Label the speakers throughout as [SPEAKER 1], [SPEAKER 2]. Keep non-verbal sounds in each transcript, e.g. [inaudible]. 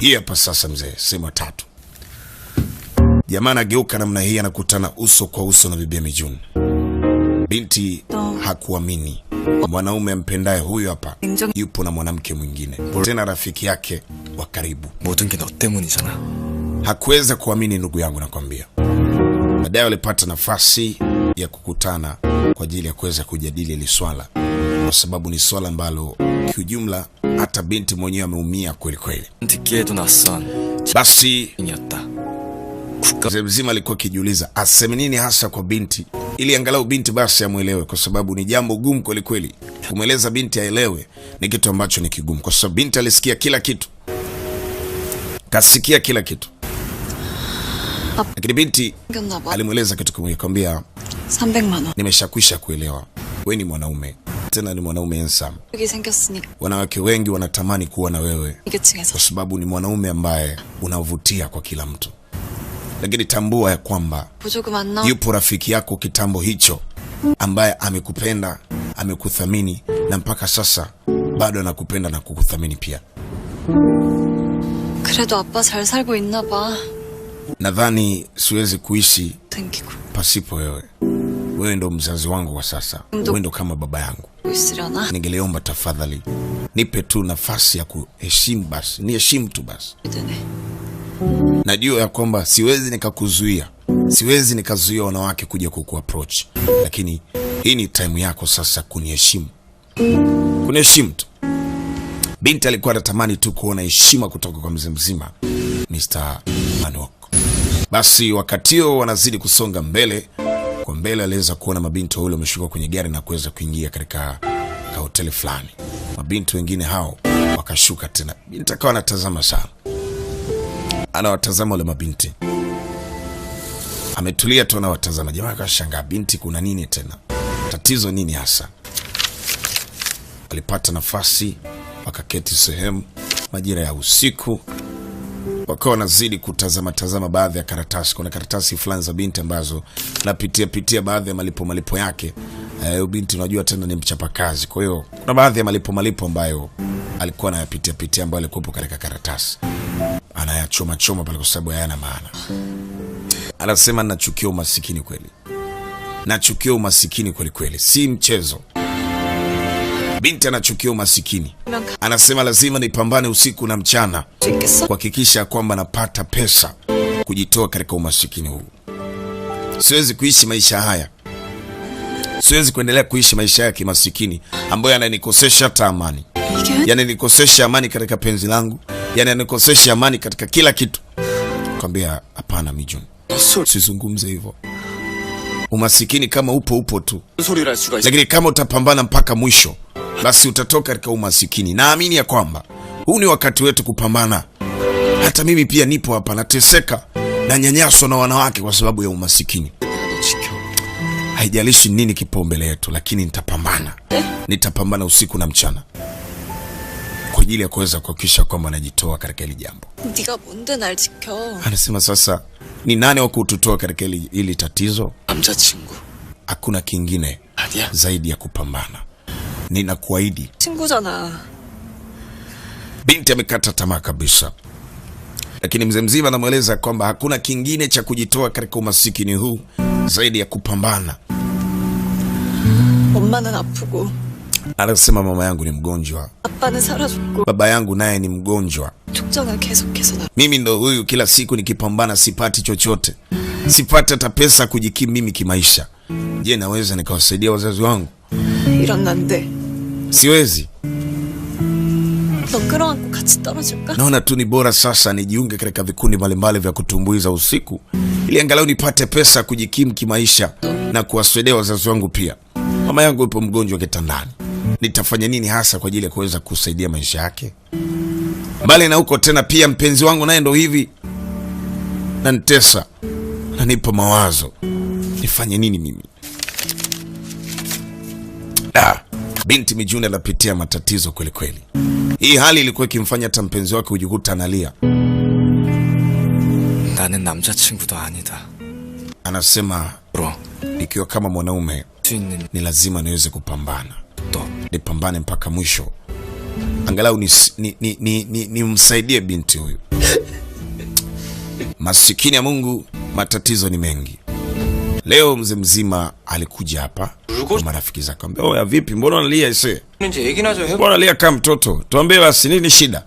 [SPEAKER 1] Hii hapa sasa, mzee, sehemu ya tatu. Jamaa anageuka namna hii, anakutana uso kwa uso na Bibi Mijuni. Binti hakuamini mwanaume ampendaye huyu hapa yupo na mwanamke mwingine, tena rafiki yake wa karibu. Hakuweza kuamini, ndugu yangu, nakwambia. Baadaye walipata nafasi ya kukutana kwa ajili ya kuweza kujadili hili swala, kwa sababu ni swala ambalo kiujumla hata binti mwenyewe ameumia kweli kweli. Basi mzee mzima alikuwa akijiuliza aseme nini hasa kwa binti, ili angalau binti basi amwelewe, kwa sababu ni jambo gumu kweli kweli. Kumweleza binti aelewe ni kitu ambacho ni kigumu, kwa sababu binti alisikia kila kitu, kasikia kila kitu, lakini binti alimweleza kitu kimoja, kwambia nimeshakwisha kuelewa, we ni mwanaume tena ni mwanaume handsome. Wanawake wengi wanatamani kuwa na wewe kwa sababu ni mwanaume ambaye unavutia kwa kila mtu, lakini tambua ya kwamba yupo rafiki yako kitambo hicho ambaye amekupenda, amekuthamini na mpaka sasa bado anakupenda na kukuthamini pia. Nadhani siwezi kuishi pasipo wewe wewe ndo mzazi wangu kwa sasa, wewe ndo kama baba yangu. Ningeliomba tafadhali, nipe tu nafasi ya kuheshimu basi, niheshimu tu basi. Najua ya kwamba siwezi nikakuzuia, siwezi nikazuia wanawake kuja kukuaproach lakini hii ni taimu yako sasa kuniheshimu, kuniheshimu tu. Binti alikuwa anatamani tu kuona heshima kutoka kwa mzee mzima Mr. Basi wakati huo wanazidi kusonga mbele kwa mbele aliweza kuona mabinti wawili wameshuka kwenye gari na kuweza kuingia katika kahoteli fulani. Mabinti wengine hao wakashuka tena, binti akawa anatazama sana, anawatazama wale mabinti, ametulia tu anawatazama. Jamaa akashangaa, binti, kuna nini tena? Tatizo nini hasa? Alipata nafasi wakaketi sehemu majira ya usiku wakawa wanazidi kutazama tazama baadhi ya karatasi. Kuna karatasi fulani za binti ambazo napitia pitia baadhi ya malipo malipo yake. Eh, binti unajua tena ni mchapakazi, kwa hiyo kuna baadhi ya malipo malipo ambayo alikuwa anayapitia pitia ambayo alikuwepo katika karatasi, anayachoma choma pale, kwa sababu hayana maana. Anasema nachukia umasikini kweli, nachukia umasikini kweli kweli, si mchezo. Binti anachukia umasikini, anasema lazima nipambane usiku na mchana kuhakikisha kwamba napata pesa kujitoa katika umasikini huu. Siwezi kuishi maisha haya, siwezi kuendelea kuishi maisha haya kimasikini ambayo yananikosesha hata amani, yananikosesha amani katika penzi langu, yananikosesha amani katika kila kitu. Kwambia hapana, Mijun, sizungumze hivyo. Umasikini kama upo upo tu, lakini kama utapambana mpaka mwisho basi utatoka katika umasikini. Naamini ya kwamba huu ni wakati wetu kupambana. Hata mimi pia nipo hapa, nateseka na nyanyaswa na wanawake kwa sababu ya umasikini. Haijalishi nini kipo mbele yetu, lakini nitapambana, nitapambana usiku na mchana kwa ajili ya kuweza kuhakikisha kwamba anajitoa katika hili jambo. Anasema sasa, ni nane wakututoa katika hili tatizo? Hakuna kingine zaidi ya kupambana ninakuahidi.
[SPEAKER 2] Singuzana.
[SPEAKER 1] Binti amekata tamaa kabisa, lakini mzee mzima anamweleza kwamba hakuna kingine cha kujitoa katika umasikini huu zaidi ya kupambana. Anasema mama yangu ni mgonjwa, baba yangu naye ni mgonjwa, mimi ndo huyu, kila siku nikipambana sipati chochote, sipati hata pesa kujikimu mimi kimaisha. Je, naweza nikawasaidia wazazi wangu? siwezi. Naona tu ni bora sasa nijiunge katika vikundi mbalimbali vya kutumbuiza usiku ili angalau nipate pesa kujikimu kimaisha na kuwasaidia wazazi wangu. Pia mama yangu yupo mgonjwa kitandani, nitafanya nini hasa kwa ajili ya kuweza kusaidia maisha yake? Mbali na huko tena, pia mpenzi wangu naye ndo hivi na nanipa mawazo, nifanye nini mimi? Ah. Binti Mijuni anapitia matatizo kweli kweli. Hii hali ilikuwa ikimfanya hata mpenzi wake hujikuta analia.
[SPEAKER 3] Nanen namja chingudo anida,
[SPEAKER 1] anasema bro, ikiwa kama mwanaume ni lazima niweze kupambana, nipambane mpaka mwisho, angalau nimsaidie ni, ni, ni, ni binti huyu [laughs] masikini ya Mungu. Matatizo ni mengi Leo mzee mzima alikuja hapa na marafiki zake, akamwambia oya, vipi, mbona unalia ise,
[SPEAKER 3] mbona
[SPEAKER 1] unalia kama mtoto? Tuambie basi, nini shida?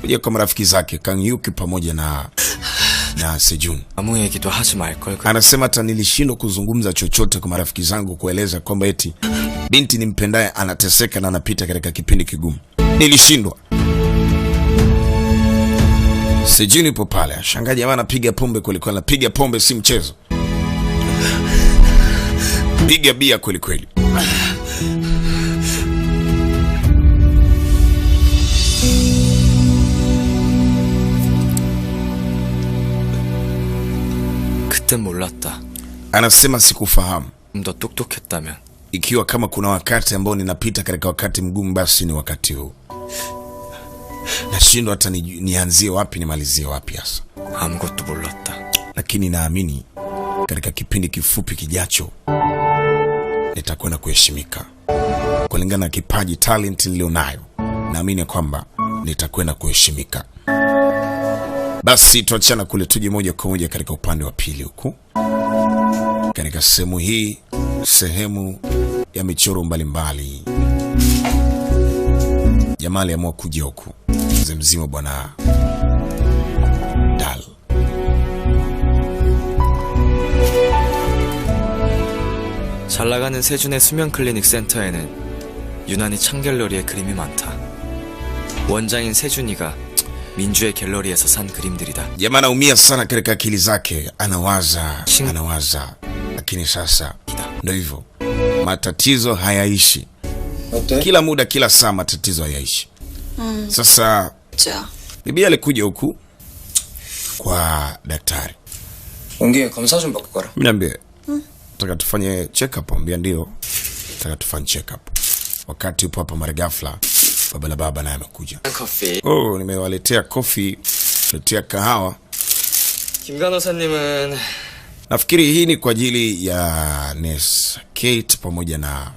[SPEAKER 1] Kuja kwa marafiki zake Kang Yuki pamoja na na Sejun kitu anasema hata nilishindwa kuzungumza chochote kwa marafiki zangu, kueleza kwamba eti binti nimpendaye anateseka na anapita katika kipindi kigumu. Nilishindwa. Sejun ipo pale ashangaa, jamaa anapiga pombe, kulikuwa anapiga pombe si mchezo. Piga bia kweli kweli. anasema sikufahamu.
[SPEAKER 3] Mda 똑똑했다면
[SPEAKER 1] ikiwa kama kuna wakati ambao ninapita katika wakati mgumu, basi ni wakati huu. Nashindwa hata nianzie wapi nimalizie wapi hasa.
[SPEAKER 3] 아무것도
[SPEAKER 1] Lakini naamini katika kipindi kifupi kijacho nitakuwa na kuheshimika kulingana na kipaji talent nilionayo. Naamini kwamba nitakwenda kuheshimika. Basi tuachana kule, tuje moja kwa moja katika upande wa pili huku katika sehemu hii, sehemu ya michoro mbalimbali. Jamaa aliamua kuja huku mzee mzima bwana Dal
[SPEAKER 3] 잘 나가는 세준의 수면 클리닉 센터에는 유난히 창 갤러리의 그림이 많다. 원장인 세준이가 민주의 갤러리에서 산 그림들이다.
[SPEAKER 1] Jamaa anaumia sana katika akili zake, anawaza Shin- anawaza, lakini sasa ndo hivyo, matatizo hayaishi 어때? kila muda, kila saa, matatizo hayaishi. Sasa 진짜 bibi alikuja huku kwa daktari,
[SPEAKER 3] 웅기 검사 좀 받고 가라.
[SPEAKER 1] Mniambie, taka tufanye check up ambia ndio, taka tufanye check up Wakati upo hapa maregafla, baba la baba naye amekuja. Oh, nimewaletea kofi, letea kahawa.
[SPEAKER 3] Kim Ganosa님은
[SPEAKER 1] nafikiri hii ni kwa ajili ya Ness Kate pamoja na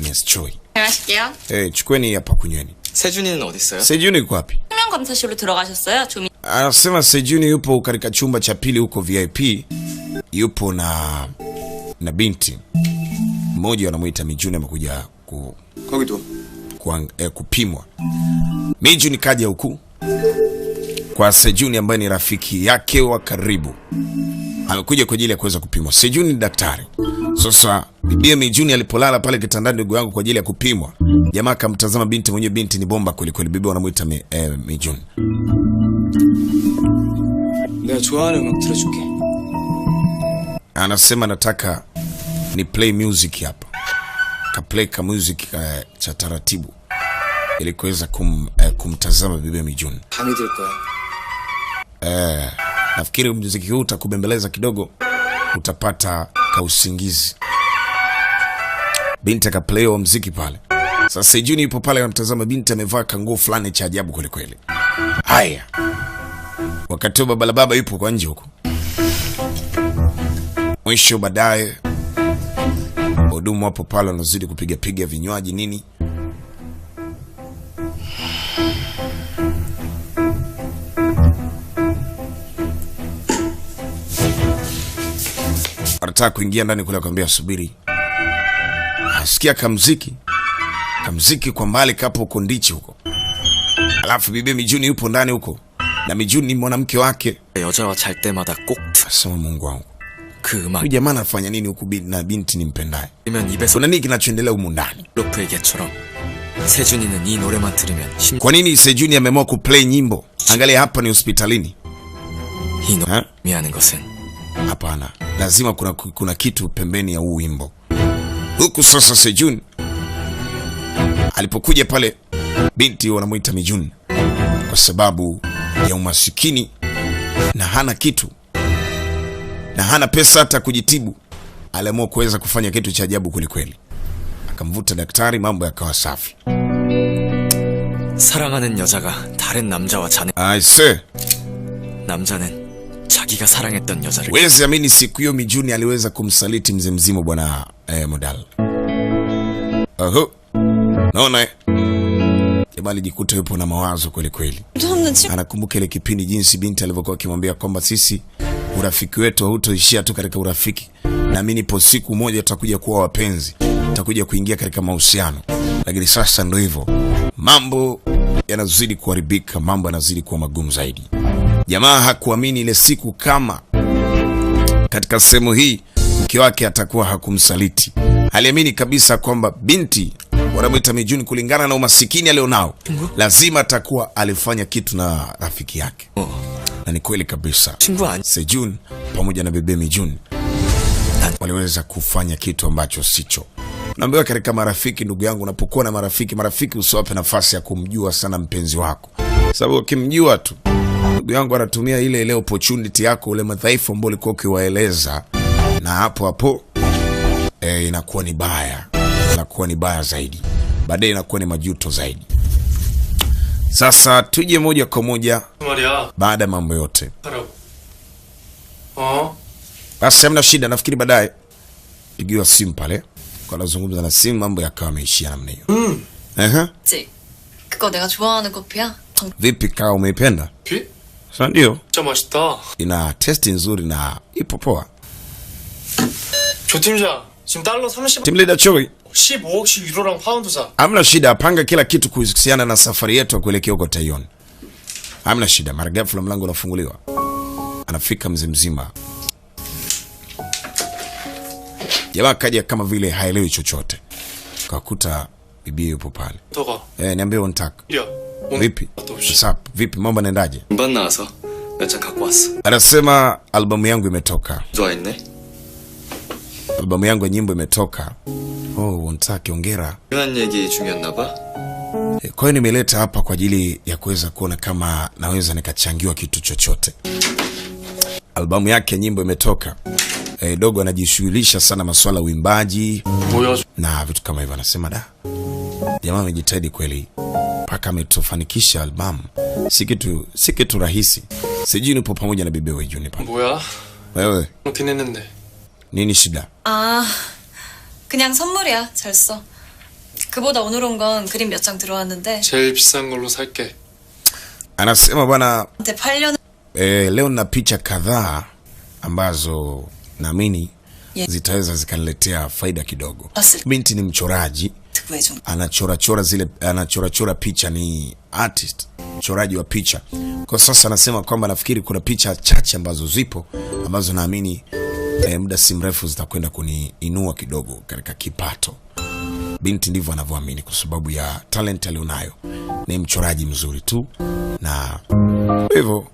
[SPEAKER 1] Ness Choi. 안녕하실게요. Eh, chukueni hapa kunyweni.
[SPEAKER 3] 세준이는 어디 있어요?
[SPEAKER 1] Sejuni yuko wapi?
[SPEAKER 2] 수면 들어가셨어요. 좀
[SPEAKER 1] Anasema Sejuni yupo katika chumba cha pili huko VIP, yupo na na binti mmoja wanamuita Mijuni amekuja ku, ku, eh, kupimwa. Mijuni kaja huku kwa Sejuni ambaye ni rafiki yake wa karibu, amekuja kwa ajili ya kuweza kupimwa. Sejuni ni daktari. Sasa bibia Mijuni alipolala pale kitandani, ndugu yangu, kwa ajili ya kupimwa, jamaa akamtazama binti mwenyewe. Binti ni bomba kweli kweli, bibi wanamuita mi, eh, Mijuni anasema nataka ni play music hapa, kaplay ka music uh, cha taratibu ili kuweza kum, uh, kumtazama Bibi Mijuni. Uh, eh, nafikiri muziki huu utakubembeleza kidogo, utapata kausingizi. Binti akaplay wa mziki pale. Sasa ijuni yupo pale anamtazama binti, amevaa kanguo fulani cha ajabu kweli kweli. Haya, wakati huo Babalababa yupo kwa nje huko. Mwisho baadaye Hudumu hapo pale wanazidi kupiga piga vinywaji nini. Anataka kuingia ndani kule, akamwambia subiri. Asikia kamziki kamziki kwa mbali, kapo huko ndichi huko, alafu bibi Mijuni yupo ndani huko na Mijuni ni mwanamke wake. Sema Mungu wangu Huyu jamaa anafanya nini huku na binti nimpendaye? Kuna mm. nini kinachoendelea humu ndani? Kwa nini Sejuni ameamua kuplay nyimbo? Angalia hapa ni hospitalini. Hapana, lazima kuna, kuna kitu pembeni ya huu wimbo huku. Sasa Sejuni alipokuja pale, binti wanamuita Mijun kwa sababu ya umasikini na hana kitu na hana pesa hata kujitibu, aliamua kuweza kufanya kitu cha ajabu kwelikweli, akamvuta daktari, mambo yakawa safi.
[SPEAKER 3] yozaga daren 다른 남자와 자네
[SPEAKER 1] 아이스
[SPEAKER 3] namjanen chakiga 사랑했던 yozaru.
[SPEAKER 1] wezi amini siku hiyo Mijuni aliweza kumsaliti mzee mzima bwana eh, Modal. Oho. Naona eh. jamaa alijikuta yupo na mawazo kwelikweli kweli. Anakumbuka ile kipindi jinsi binti alivyokuwa akimwambia kwamba sisi urafiki wetu hautoishia tu katika urafiki. Naamini nipo siku moja tutakuja kuwa wapenzi, tutakuja kuingia katika mahusiano, lakini sasa ndo hivyo, mambo yanazidi kuharibika, mambo yanazidi kuwa magumu zaidi. Jamaa hakuamini ile siku kama katika sehemu hii mke wake atakuwa hakumsaliti. Aliamini kabisa kwamba binti wanamwita Mijuni kulingana na umasikini alionao, lazima atakuwa alifanya kitu na rafiki yake. Oh na ni kweli kabisa, Sejun pamoja na Bebe Mijun waliweza kufanya kitu ambacho sicho naambiwa katika marafiki. Ndugu yangu, unapokuwa na marafiki, marafiki usiwape nafasi ya kumjua sana mpenzi wako, sababu ukimjua tu, ndugu yangu, anatumia ile ile opportunity yako, ule madhaifu ambao ulikuwa ukiwaeleza, na hapo hapo e, inakuwa ni baya, inakuwa ni baya zaidi, baadaye inakuwa ni majuto zaidi. Sasa tuje moja kwa moja baada ya mambo yote basi, hamna shida. Nafikiri baadaye pigiwa simu pale, kwa nazungumza na simu, mambo yakawa ameishia namna hiyo. mm. uh
[SPEAKER 2] -huh.
[SPEAKER 1] Vipi, kaa umeipenda? Sasa ndio ina testi nzuri na ipo poa. Team leader Choi
[SPEAKER 3] 15억씩 유로랑 파운드사.
[SPEAKER 1] Hamna shida, panga kila kitu kuhusiana na safari yetu kuelekea huko Taiwan. Amna shida, mara ghafla mlango unafunguliwa. Anafika mzee mzima. Jamaa kaja kama vile haelewi chochote. Kakuta bibi yupo pale. Toka. Eh, niambie unataka. Ndio. Vipi? Sap, vipi mambo yanaendaje?
[SPEAKER 3] Mbona sasa? Nacha kakwasa.
[SPEAKER 1] Anasema albamu yangu imetoka. Join eh? Albamu yangu ya nyimbo imetoka. Oh, untaki, ongera.
[SPEAKER 3] 중요한 얘기 중이었나 봐.
[SPEAKER 1] Kwa hiyo nimeleta hapa kwa ajili ya kuweza kuona kama naweza nikachangiwa kitu chochote. Albamu yake nyimbo imetoka. E, dogo anajishughulisha sana masuala uimbaji na vitu kama hivyo, anasema da, jamaa amejitahidi kweli mpaka ametofanikisha albamu. Si kitu si kitu rahisi. Sijui nipo pamoja na bibi wewe Juniper. Wewe nini shida?
[SPEAKER 2] Ah. 그냥 선물이야. 잘 써. 그보다 오늘 온 그림 몇 들어왔는데
[SPEAKER 3] 제일 비싼 걸로 살게.
[SPEAKER 1] Anasema bwana e, leo na picha kadhaa ambazo naamini 예. zitaweza zikaniletea faida kidogo. 봤을 Binti ni mchoraji, anachorachora zile, anachorachora picha, ni artist, mchoraji wa picha. Kwa sasa anasema kwamba nafikiri kuna picha chache ambazo zipo ambazo naamini e, muda si mrefu zitakwenda kuniinua kidogo katika kipato. Binti ndivyo anavyoamini kwa sababu ya talent alionayo. Ni mchoraji mzuri tu, na hivyo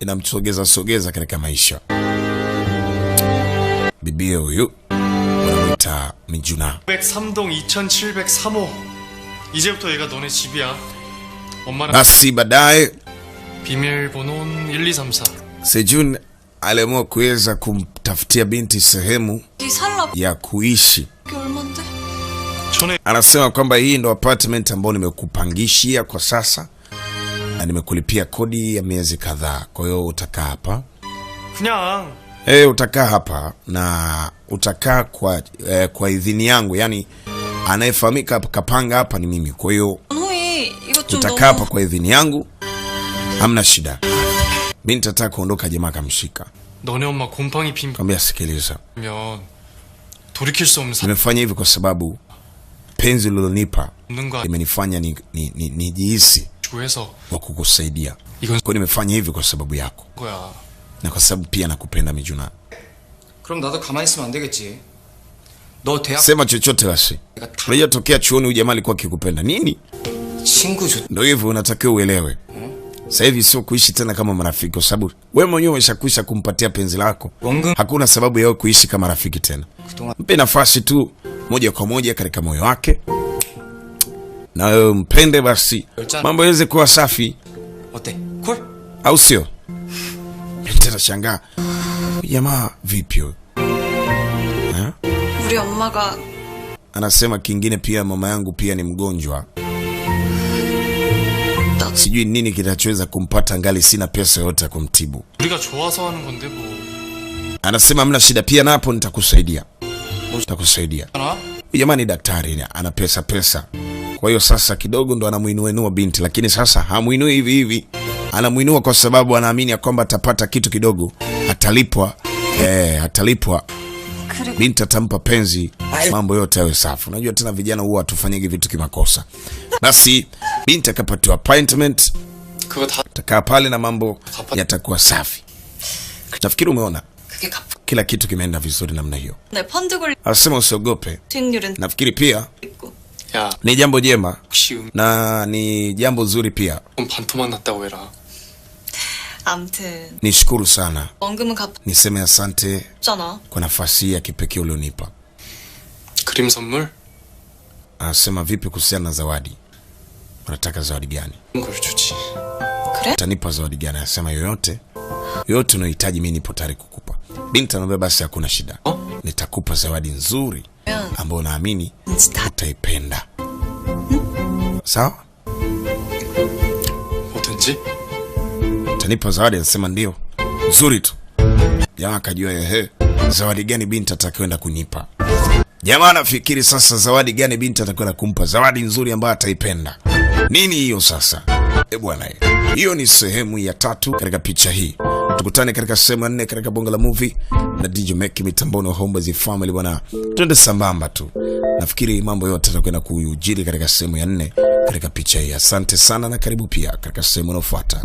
[SPEAKER 1] inamsogeza sogeza katika maisha. bibi huyu wanamwita Mijuna.
[SPEAKER 3] 103동 2703호 이제부터 얘가 너네 집이야. 엄마랑.
[SPEAKER 1] Basi baadaye
[SPEAKER 3] 비밀번호는 1234.
[SPEAKER 1] Sejun aliamua kuweza kumtafutia binti sehemu ya kuishi. Anasema kwamba hii ndo apartment ambayo nimekupangishia kwa sasa na nimekulipia kodi ya miezi kadhaa, kwa hiyo utakaa hapa e, utakaa hapa na utakaa kwa, eh, kwa idhini yangu. Yani anayefahamika kapanga hapa ni mimi, kwa hiyo utakaa hapa kwa idhini yangu, hamna shida. Binti nitataka kuondoka, jamaa akamshika.
[SPEAKER 3] 너네 엄마 곰팡이 핀
[SPEAKER 1] Kambia sikiliza, nimefanya hivi kwa sababu penzi lilonipa limenifanya nijihisi ni, ni, ni nijihisi wa kukusaidia. Kwa nimefanya hivi kwa sababu yako na kwa sababu pia nakupenda Mijuna.
[SPEAKER 3] 그럼 나도 가만히 있으면 안 되겠지.
[SPEAKER 1] Sema chochote Rasi. 내가 다 Unajua tokea chuoni huyu jamaa alikuwa akikupenda nini? ndo 좋. Ndio hivyo unatakiwa uelewe. 응? Sasa hivi sio kuishi tena kama marafiki, kwa sababu wewe mwenyewe umeshakwisha kumpatia penzi lako. Hakuna sababu yao kuishi kama rafiki tena. Mpe nafasi tu moja kwa moja katika moyo wake na wewe mpende, basi mambo yaweze kuwa safi, au sio? shangaa jamaa vipi eh? anasema kingine pia, mama yangu pia ni mgonjwa sijui nini kinachoweza kumpata ngali sina pesa yoyote ya kumtibu. Anasema mna shida, pia napo nitakusaidia, nitakusaidia. Jamani, daktari ana pesa pesa, kwa hiyo sasa kidogo ndo anamuinuainua binti, lakini sasa hamuinui hivi hivi, anamuinua kwa sababu anaamini ya kwamba atapata kitu kidogo, atalipwa eh, atalipwa binti atampa penzi, mambo yote awe safi. Unajua tena vijana huwa hatufanyagi vitu kimakosa. Basi binti akapatiwa appointment, takaa pale na mambo yatakuwa safi. Nafikiri umeona kila kitu kimeenda vizuri namna hiyo. Asema usiogope, nafikiri pia ni jambo jema na ni jambo zuri pia.
[SPEAKER 2] Amten.
[SPEAKER 1] Nishukuru sana. Niseme asante Jana. Kwa nafasi hii ya kipekee ulionipa.
[SPEAKER 3] Krim 선물?
[SPEAKER 1] Anasema vipi kuhusiana na zawadi? Unataka zawadi gani? Tanipa zawadi gani? Anasema yoyote. Yoyote unayohitaji mimi nipo tayari kukupa. Binti anambia basi hakuna shida. Oh? Nitakupa zawadi nzuri ambayo naamini utaipenda. Hmm? Sawa? utanipa zawadi? Anasema ndio. Nzuri tu. Jamaa akajua ehe, zawadi gani binti atakwenda kunipa? Jamaa anafikiri sasa, zawadi gani binti atakwenda kumpa? Zawadi nzuri ambayo ataipenda. Nini hiyo sasa? E bwana, hiyo ni sehemu ya tatu katika picha hii. Tukutane katika sehemu ya nne katika bonga la movie na DJ Mac mitamboni wa Homeboyz family bwana, twende sambamba tu. Nafikiri mambo yote atakwenda kujiri katika sehemu ya nne katika picha hii. Asante sana na karibu pia katika sehemu inayofuata.